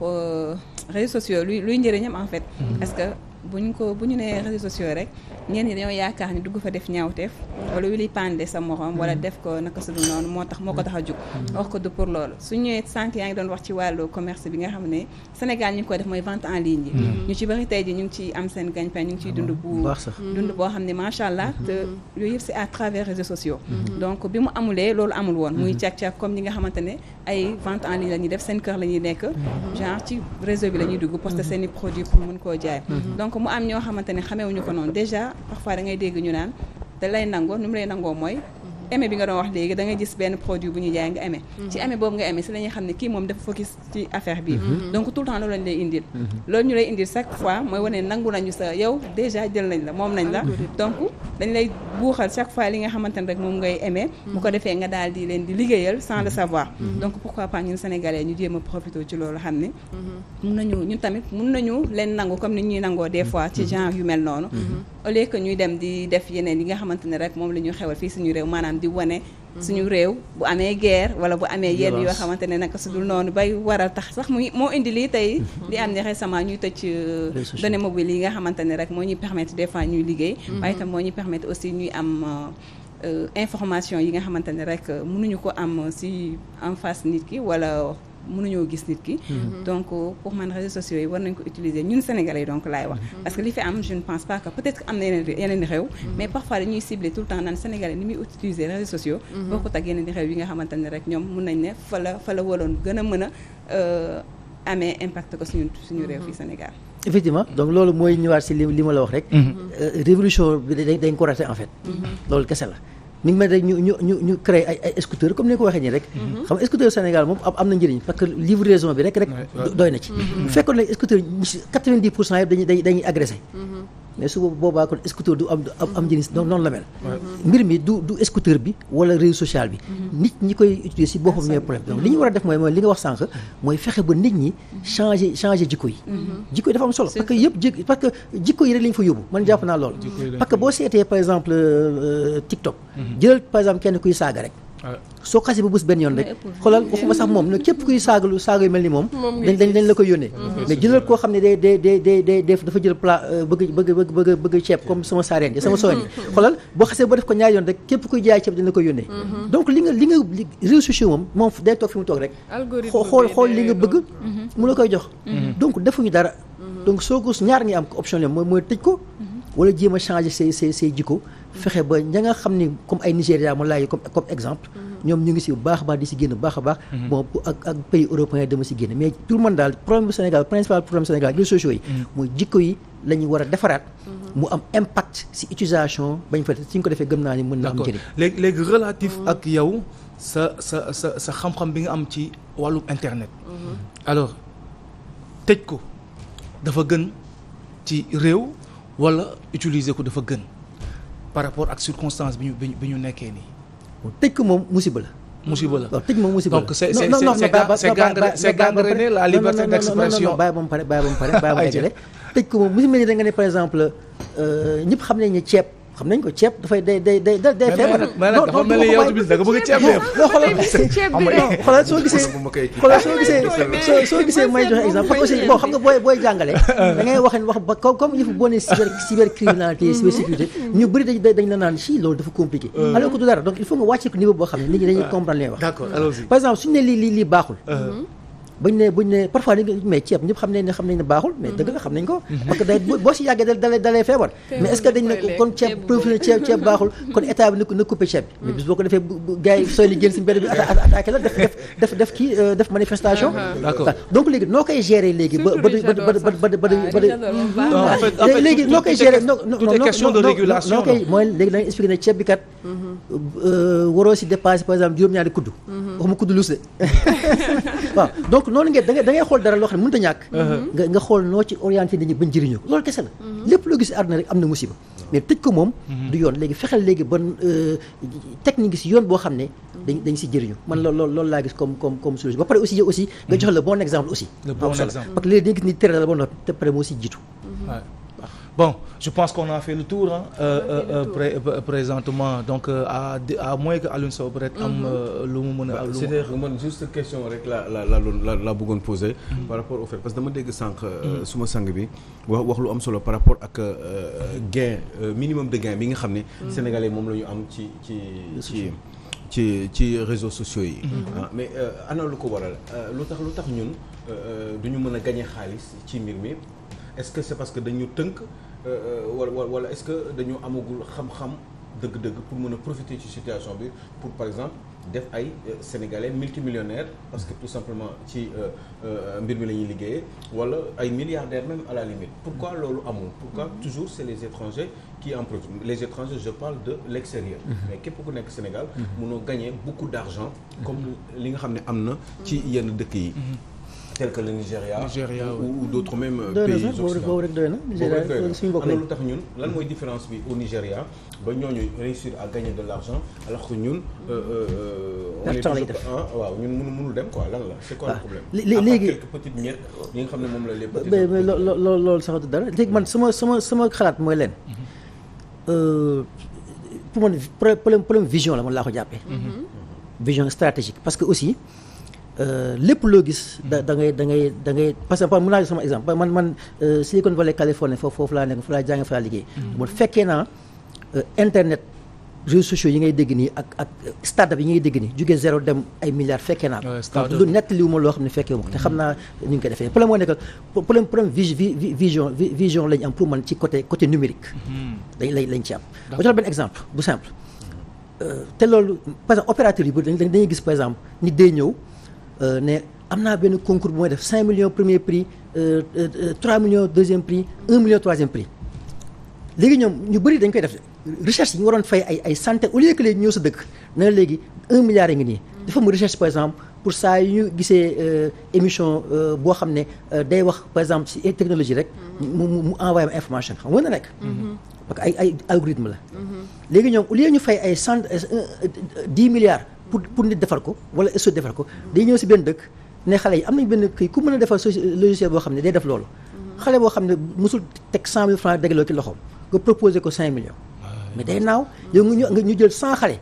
réseaux sociaux luy luy njëriñam en fait. parce que bu ñu ko bu ñu nee réseaux sociaux rek ñenn ñi dañoo yaakaar ni dugg fa def ñaawteef. wala wi liy sa morom. wala def ko naka su dul noonu moo tax moo ko tax a jug. wax ko du loolu su ñëwee sànq yaa ngi doon wax ci wàllu commerce bi nga xam ne Sénégal ñu ngi koy def mooy vent en ligne yi mm. mm. ñu ci bëri tey ji ñu ngi ciy am seen gagne-pain ñu ngi ciy dund bu mm. dund boo xam ne macha allah te yooyu yëpp c'est à travers réseaux sociaux donc bi mu amulee loolu amul woon muy càq-càq comme ñi nga xamante ne ay vente en ligne la ñuy def seen kër la ñuy nekk genre ci réseau bi la ñuy dugg poster seen i produit pour mën koo jaay donc mu am ñoo xamante ne xamewuñu ko noonu déjà parfois da dégg ñu naan te lay nangoo ni mu lay nangoo mooy aimé bi nga doon wax léegi da nga gis benn produit bu ñuy jaay nga aimé mhm. ci aimé boobu nga aimé si la ñuy xam ne kii moom dafa focus ci affaire bi mhm. donc tout le temps loolu lañ lay indil mhm. loolu ñu lay indil chaque fois mooy wane nangu nañu sa yow déjà jël nañ la moom nañ la donc dañ lay buuxal chaque fois li nga xamante ne rek moom ngay ñu a profité ci ne mun nañu tamit mun nañu leen nangu comme ni ñuy nangoo des ci genre yu mel noonu au ñuy dem di def yeneen yi nga xamante la di wane suñu réew bu amee guerre wala bu amee yenn yoo xamante ne naka su dul noonu bay waral tax sax muy moo indi lii tey li mhm. am ni récemment ñuy tëj euh, données mobiles yi nga xamante ne rek moo ñuy permettre des fois ñuy liggéey mhm. waaye itam moo ñuy permetre aussi ñuy am euh, information yi nga xamante ne rek euh, mënuñu ko am si en face nit ki wala mun mënuñoo gis nit ki. Mhm. donc pour man réseaux sociaux yi war nañ ko utiliser ñun yi donc laay wax. Mhm. parce que li fi am je ne pense pas que peut-être am na yeneen yeneen mhm. mais parfois dañuy cibler tout temps naan sénégalais ni muy utiliser réseaux sociaux. bokkut ak yeneen réew yi nga xamante ne rek ñoom mun nañ ne fa la fa la waroon gën a mën a euh, amee impact ko suñu suñu réew fii Sénégal. effectivement donc loolu mooy ñëwaat si li li ma la wax rek. Euh, r bi dañ dañ fait. loolu kese la. ni ñu mel rek ñu ñu ñu ñu créé ay ay scooter comme ni ko waxee nii rek. Mhm. xam nga scooter Sénégal moom am na njëriñ parce que livraison bi rek rek doy na ci. bu mhm. fekkoon ne scooter 90 pour cent yëpp dañuy dañuy mais su boobaa kon scooter du am am njëriñ donc noonu la mel. mbir mi du du scooter bi wala réseau social bi. nit ñi koy utiliser si boppam ñooy problème donc li ñu war a def mooy li nga wax sànq mooy fexe ba nit ñi changer changer jikko yi. jikko yi dafa am solo parce yëpp jikko yi rek la ñu fa yóbbu man jàpp naa loolu. parce boo seetee par exemple euh, TikTok. Mhm. jëlal par exemple kenn kuy saaga rek. soo xasee ba bés benn yoon rek xoolal waxuma sax moom ne képp kuy saagalu saaga mel ni moom dañ dañ la koy yónnee mhm. mais jëlal koo xam ne day dafa jël plat euh, bëgg bëgg bëgg bëgg ceeb comme sama saareen ji sama sowen ji mhm. xoolal boo xasee ba def ko ñaari yoon rek képp kuy jaay ceeb dañ la koy yónnee mhm. donc li nga li nga réseaux sociaux moom moom day toog fi mu toog rek xool xool li nga bëgg mu la koy jox donc defuñu dara donc soo gis ñaar nga am option la mooy a changer fexe ba ña nga xam ni comme ay Nigéria ma laaj comme comme exemple. Mhm. ñoom ñu ngi si bu baax a baax di si génn baax a baax. Mhm. bon ak ak pays européen dama si génn mais pour man daal problème bu Sénégal principal problème Sénégal réseaux sociaux yi. Mhm. mooy jikko yi la ñu a defaraat. mu am impact si utilisation bañ fa si ñu ko defee gëm naa ni mën na am njëriñ. léegi léegi relatif ak yow sa sa sa sa xam-xam bi nga am ci wàllum internet. alors tëj ko dafa gën ci réew walla utiliser ko dafa gën. par rapport ak circonstance bi ñu bi ñu nekkee nii. tëj ko moom musiba la. musiba la waaw tëj donc c'est c'est la liberté d'expression. bàyyi ba mu pare bàyyi ba mu pare bàyyi ba mu eggale tëj ko moom musiba la da nga ne par exemple euh, ñëpp xam nañ ne ceeb. xam nañ ko ceeb dafay day day day day feebar. mais nag dafa a ceeb yow. ceeb bi non xoolal soo gisee soo gisee soo joxe exemple boo nee cyber cybercriminalité mm-hmm. cybersécurité ñu bëri dañ dañ euh. du dara il faut nga wàcce ko niveau boo xam ne nit ñi dañuy euh. comprendre li wax. par exemple suñu ne lii lii baaxul. Euh. bañ ne buñ ne parfois dañ mais ceeb ñëpp xam nañ ne xam nañ ne baaxul mais dëgg nga xam nañ ko mhm. parce boo si yàggee dalee feebar mais est na ceeb bi uh-huh. léegi noo koy gérer léegi ba ba ba ba ba ba koy gérer tout est question de régulation noo koy mooy léegi dañuy expliqué ne ceeb bi kat mm-hmm. euh, waroo si dépassé par exemple juróom-ñaari kudd mm-hmm. waxuma kudd luus de waaw donc noonu ngeen da ngay xool dara loo xam ne mënut a ñàkk uhhuh. nga nga xool noo ci orienté nit ñi bañ jëriñoo ko loolu kese la uhhuh. lépp loo gis àdduna rek am na musiba mais tëj ko moom uhhuh. du yoon léegi fexeel léegi ban euh, technique si yoon boo xam ne dañ dañ si jëriñu man lool lool loolu laa gis comme comme comme solution ba pare aussi aussi nga joxe le bon exemple aussi parce que léegi dañu gis ni tere la ba noppi te pare moo jiitu bon je pense qu'on a fait le tour hein, euh, euh, euh, euh présentement donc à à moins que Alioune Sow peut-être am mhm. lu mu mën a. c'est-à-dire man question rek la la la la la bëggoon poser. Mhm. par rapport au fait parce que dama dégg sànq. Mhm. suma sang bi wax wax lu am solo par rapport ak gain minimum de gain bi nga xam ne. Sénégalais moom la ñu am ci ci ci. ci ci réseaux sociaux yi. Ah, mais ana lu ko waral lu tax lu tax ñun du ñu mën a gagner xaalis ci mbir mi. est-ce que c'est parce que dañu tënk euh, wala wala est-ce que dañu amagul xam-xam dëgg-dëgg pour mën a profiter ci situation bi pour par exemple def ay multi euh, multimillionnaires parce que tout simplement ci euh, mbir mi la ñuy liggéeyee wala ay milliardaires même à la limite pourquoi loolu amul pourquoi mm-hmm. toujours c'est les étrangers ki en profitent les étrangers je parle de l'extérieur mm-hmm. mais képp ku nekk Sénégal mm-hmm. mënoo gagner beaucoup d'argent comme li nga xam ne am na ci yenn dëkk yi tel que le Nigeria. Nigeria ou, ou, ou d'autres même euh, pays occidentaux boobu rek doy na boobu rek suñu bopp lañ am tax ñun lan mooy différence bi au Nigeria ba ñooñu réussir à gagner de l'argent alors que ñun. pertant euh, euh, lay def waaw ñun mënu mënul dem quoi lan la c'est quoi le ah, problème. léegi à part quelques nga xam ne moom la les petites. mais loolu loolu sax du dara léegi man sama sama sama xalaat mooy leen. Mhm. pour man problème problème vision la man laa ko jàppee. Mhm. vision stratégique parce que aussi. Euh, lépp loo gis. da da ngay da ngay da ngay parce que par mun naa sama exemple man man euh, Silicon Valley Californie foofu foofu laa nekk fu laa jàng fa laa liggéey. Hmm. bu fekkee naa euh, internet réseaux sociaux yi ngay dégg nii ak ak start-up yi ngay dégg nii jugee zéro dem ay milliards fekkee naa ko. lu loo xam ne fekkee ma te xam naa ni ñu koy defee problème moo nekk problème pour man ci coté côté numérique. Hmm. dañ lañ lañ ci am. ba jox la benn exemple bu simple. te loolu par exemple opérateur yi dañuy gis par exemple nit day ñëw. Euh, ne am naa benn concours bu may def 5 millions premier prix 3 euh, euh, millions deuxième prix 1 million troisième prix léegi ñoom ñu bëri dañ koy def recherche yi ñu waroon fay ay ay santé au lieu que léegi ñëw dëkk na léegi 1 milliard yi ngi nii. dafa am recherche par exemple pour saa yu ñu gisee émission boo xam ne day wax par exemple si technologie rek. mu mu envoyé am information xam nga na nekk. Mhm. parce que ay ay algorithme la. Mhm. léegi ñoom au lieu ñu fay ay cent 10 milliards. pour pour nit defar ko wala étude defar ko day ñëw si benn dëkk ne xale yi am nañ benn kii ku mën a defar logiciel boo xam ne day def loolu xale boo xam ne mosul teg cent mille francs dégloo ci loxoom nga proposé ko cinq millions mais day naaw yow nga ñu jël cent xale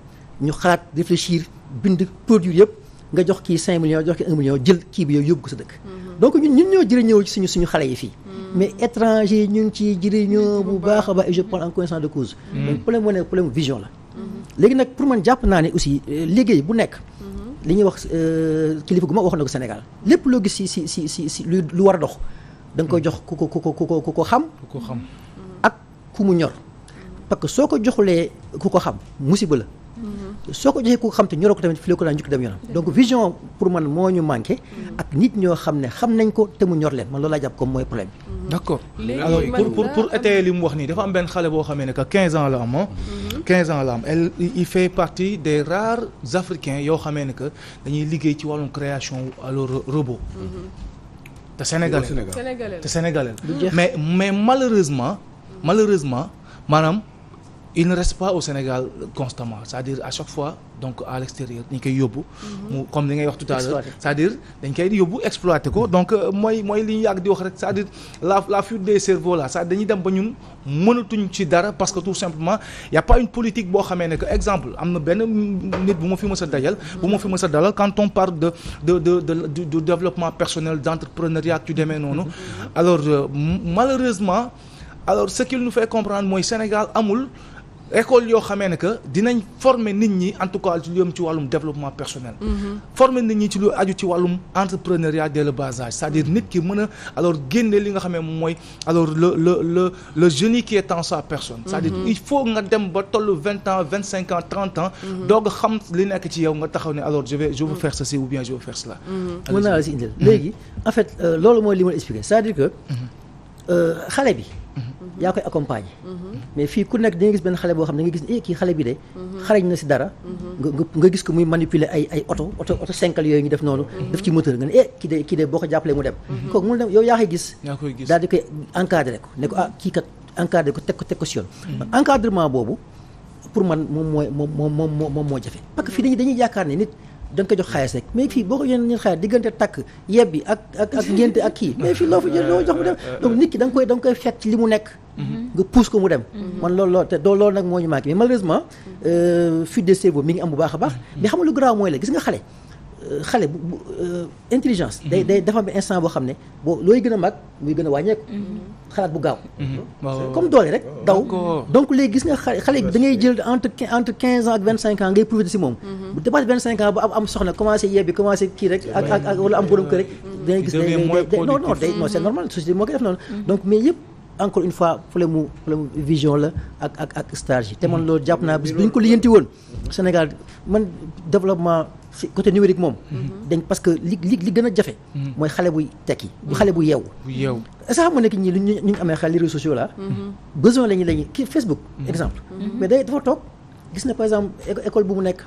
ñu xalaat réfléchir bind produit yëpp nga jox kii cinq millions jox kii un million jël kii bi yow yóbbu ko sa dëkk mm-hmm. donc ñun ñun ñoo jëriñoo ci suñu suñu xale yi fii mm-hmm. mais étranger ñu ngi ci jëriñoo bu baax a baax léegi nag pour man jàpp naa ne aussi euh, liggéey bu nekk. Mhm. li ñuy wax euh, kilifa gu ma wax na ko Sénégal lépp loo gis si si si si si lu war a dox da nga koy mhm. jox ku ko ku ko ku ko xam. ku xam ak ku mu ñor mhm. parce que soo ko joxulee ku ko xam musiba la. soo ko joxee ku xam te ñoroo ko tamit fi ko daan njukki dem yoonam donc vision pour man moo ñu manqué ak nit ñoo xam ne xam nañ ko te mu ñor leen man loolu laa jàpp comme mooy problème bi mm-hmm. d'accord alors pour pour pour étayer li mu wax nii dafa am benn xale boo xamee ne que quinze ans la am ah mm-hmm. quinze ans la am elle il fait partie des rares africains yoo xamee ne que dañuy liggéey ci wàllum création alors robot mm-hmm. te sénégalais te sénégalais mais mais malheureusement malheureusement maanaam il ne reste pas au Sénégal constamment c'est-à-dire à chaque fois donc à l'extérieur dañ koy yóbbu. Mhm. mu comme li ngay wax tout à l'heure c'est-à-dire dañ koy yóbbu exploiter ko donc euh, mooy mooy li ñu yàgg di wax rek c'est-à-dire la la de des cerveaux cest dañuy dem ba ñun mënatuñ ci dara parce que tout simplement y pas une politique boo xamee ne que exemple am na benn nit bu ma fi mës a dajal. bu ma fi mës a dalal quand on parle de de de de du développement personnel d'entrepreneuriat demee noonu. Mhm. alors euh, malheureusement alors ce qu'il nous mooy Sénégal amul. école yoo xamee ne que dinañ former nit ñi en tout cas lu yëm ci wàllum développement personnel. Mm-hmm. former nit ñi ci lu aju ci wàllum entrepreneuriat dès le bas cest dire nit ki mën a alors génne li nga xamee mooy alors le le le le génie qui sa personne. Mm-hmm. c'est-à-dire il faut nga dem ba tollu vingt ans vingt cinq ans trente ans. Mm-hmm. doog a xam li nekk ci yow nga taxaw ne alors je vais je veux ou bien je veux faire cela. mën naa la si indil euh, loolu mooy Euh, xale bi. Mhm. yaa koy accompagner. Mhm. mais fii ku nekk dañuy gis benn xale boo xam ne da nga gis ne eh, kii xale bi de. Mhm. xarañ na si dara. nga nga gis ko muy manipuler ay ay oto oto oto senkal yooyu ñu def noonu. def ci moteur nga ne eh, kii de kii de boo ko jàppalee mu dem. kooku mu dem yow yaa koy gis. daal di koy encadré ko ne ko ah kii kat encadré ko teg ko teg ko si yoon. encadrement boobu pour man moom mooy moom moom moom moo jafe. parce que fii dañuy dañuy yaakaar ne nit. da nga ko jox xaalis rek mais fii boo ko yónnee ñetti xaalis diggante takk yebbi ak ak ak ak kii mais fii loo fa jox mu dem donc nit ki da nga koy da nga koy fekk ci li mu nekk mhm. nga pousse ko mu dem mhm. man loolu loolu te doo loolu nag moo ñu manqué mais malheureusement mhm. euh, fuite de cerveau mi ngi am bu baax a baax mais xam lu garaaw mooy la gis nga xale xale bu bu euh, intelligence. Mhm. day day dafa am instant boo xam ne boo looy gën a mag muy gën a wàññeeku. Mhm. xalaat bu gaaw. Mhm. comme doole rek daw. donc léegi gis nga xale da ngay jël entre entre quinze ans ak vingt cinq ans ngay profité si moom. bu dépassé vingt cinq ans ba am am soxna yebbi commencé kii rek ak ak ak am borom kër rek. da gis day day c'est normal société moo koy def noonu. donc mais yëpp. encore une fois problème mu mu vision la ak ak stage te man si côté numérique moom. Mhm. dañ parce que li li gën a jafe. Mhm. mooy xale buy tekki bu xale bu yeewu. bu yeewu est xam nga nekk ñi lu ñu amee xale réseaux sociaux là. Mhm. besoin la ñu kii Facebook. exemple mais day dafa toog gis na par exemple école bu mu nekk.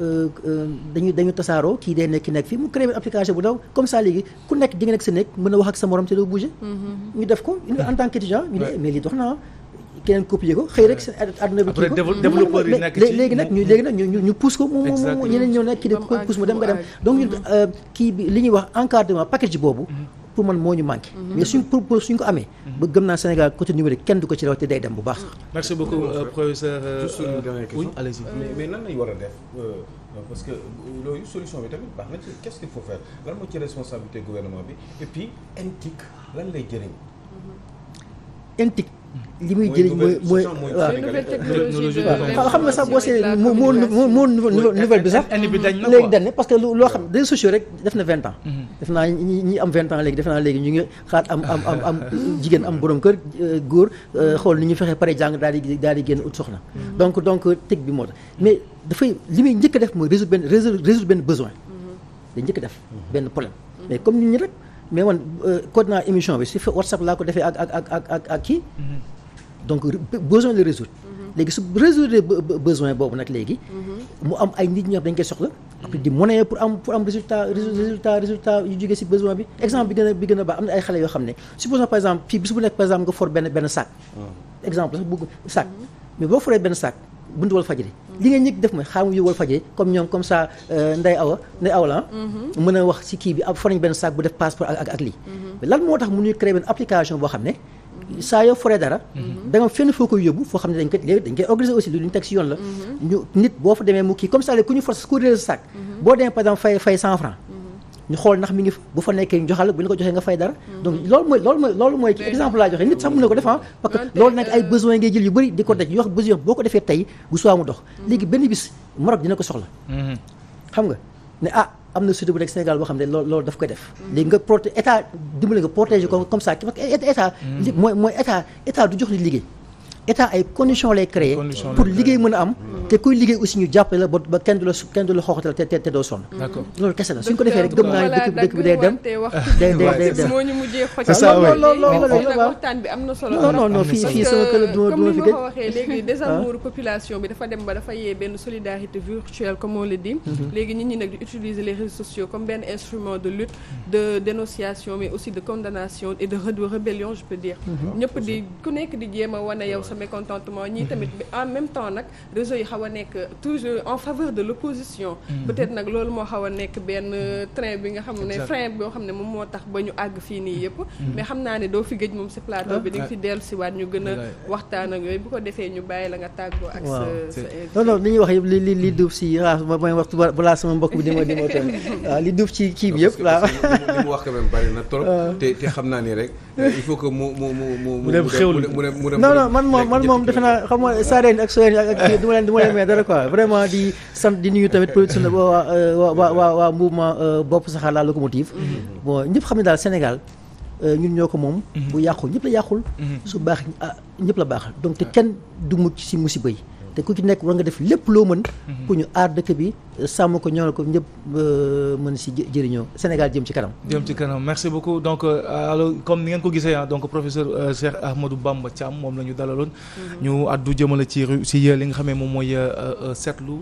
Euh, euh, dañu tasaaroo kii day nekk nekk fii mu créé application bu ndaw comme ça léegi ku nekk di nekk sa nekk mën a wax ak sa morom te doo bouger. ñu def ko en tant qu'étudiant ñu ne mais lii keneen copier ko xëy rek seen àdduna bi kii ko développeur yi nekk ci léegi nag ñu léegi nag ñu ñu mu mu ñeneen ñoo nekk mm-hmm. euh, kii bi li ñuy wax encadrement package boobu mm-hmm. pour man moo ñu manqué mm-hmm. mais suñ pour suñ ko amee ba gëm naa Sénégal côté numérique kenn du ko ci raw te day dem bu baax war a def euh, parce que loolu solution bi tamit baax na ci qu'est-ce qu'il faut faire lan moo responsabilité gouvernement bi et puis lay jëriñ NTIC li muy jëriñ mooy mooy waaw xam nga sax boo seetee moo moo moo nouvelle bi sax léegi dañ ne parce que loo xam réseaux sociaux rek def na vingt ans def naa ñi am vingt ans léegi def naa léegi ñu ngi xaat am am am am jigéen am borom kër góor xool ni ñu fexe pare jàng daal di daal di génn ut soxna donc donc teg bi moo tax mais dafay li muy njëkk def mooy résoudre benn résoudre benn besoin dañ njëkk def benn problème mais comme ni ñi rek mais man euh, code naa émission bi si fa WhatsApp laa ko defee ak ak ak ak ak kii. Mm-hmm. donc besoin de résoudre. Mm-hmm. léegi su résoudre besoin boobu nag léegi. Mm-hmm. mu am ay nit ñoo xam dañ koy soxla. après di monnaie pour am pour am résultat résultat résultat yu jógee si besoin bi exemple bi gën a a baax am na ay xale yoo xam ne supposons par exemple fii bis bu nekk par exemple nga for benn benn sac. exemple sax bëgg sac mais boo foree benn sac buntu Walfadjri li ngeen ñëkk def mooy xaar mu yóbbal fajee comme ñoom comme ça euh, nday awa nday awa la ah. mm-hmm. mën a wax si kii bi ab ah, fanañ benn sac bu def passeport ak ak lii mm-hmm. lan moo tax mënuñu créer benn application boo xam ne saa yoo foree dara mm-hmm. da fenn foo koy yóbbu foo xam ne dañ koy léegi dañ koy organiser aussi lu ñu teg si yoon la ñu nit boo fa demee mu kii comme ça léegi ku ñu force ku réer sac boo demee par exemple fay fay cent francs ñu xool ndax mi ngi bu fa nekkee ñu joxal bu ñu ko joxee nga fay dara mm-hmm. donc loolu mooy loolu mooy loolu mooy ci exemple laa joxe nit sax mën na ko def ah mm-hmm. loolu nag ay besoin ngay jël yu bëri di ko daj yoo xam tey bu suwaa mu dox mm-hmm. léegi benn dina ko soxla xam nga ne ah am na société bu nekk Sénégal boo xam ne loolu loolu daf koy def léegi nga proté état dimbali nga protéger ko comme ça parce que état mooy mooy état état du jox nit liggéey état ay conditions lay créer pour liggéey mën a am te kuy liggéey aussi ñu jàppale la ba kenn du la kenn la te doo sonn. loolu kese la suñ ko defee rek dem. bi dafa yee benn solidarité virtuelle comme on le dit. Mm-hmm. léegi nit ñi nag di utiliser les réseaux sociaux comme benn instrument de lutte de dénonciation mais aussi de condamnation et de rébellion je peux dire. Mm-hmm. ñëpp di ku nekk di jéem a wane yow sa mécontentement ñii tamit en même temps nag réseau yi xaw xaw a nekk toujours en faveur de l'opposition mhm. peut moo xaw a nekk benn train bi nga xam ne frein boo xam ne moom moo tax ba ñu àgg fii nii yëpp mhm. mais naa ne doo fi géej moom si plateau bi ah. di nga fi dellu si waat ñu gën a waxtaan ak yooyu bu ko defee ñu bàyyi la nga tàggoo ak sa non non li li li li duuf si waaw ah, mooy waxtu balaa sama mbokk bi di ma ah, kii bi yëpp waaw li mu wax quand même bari xam naa ni rek euh, il faut que mu mu mu mu mu dem xewlu mu dem non non man moom man moom defe naa xam nga saa ak soo ak du ma leen du leen mais dara quoi vraiment di sant di nuyu tamit production waa waa waa waa mouvement euh, bopp saxaar la locomotive mm-hmm. bon ñëpp xam ne daal Sénégal euh, ñun ñoo ko moom mm-hmm. bu yàqu ñëpp la yàqul mm-hmm. su baax ah, ñëpp la baaxal donc te kenn du mucc si musiba yi te ku ci nekk war nga def lépp loo mën. pour mhm. ñu aar dëkk bi sàmm ko ñoŋal ko ñëpp mën si jëriñoo Sénégal jëm ci kanam. jëm ci kanam merci beaucoup donc euh, alors comme ni ngeen ko gisee ah donc professeur euh, Cheikh Ahmadou Bamba Thiam moom la ñu dalaloon. Mhm. ñu addu jëmale ci ci li nga xam ne moom mooy euh, seetlu.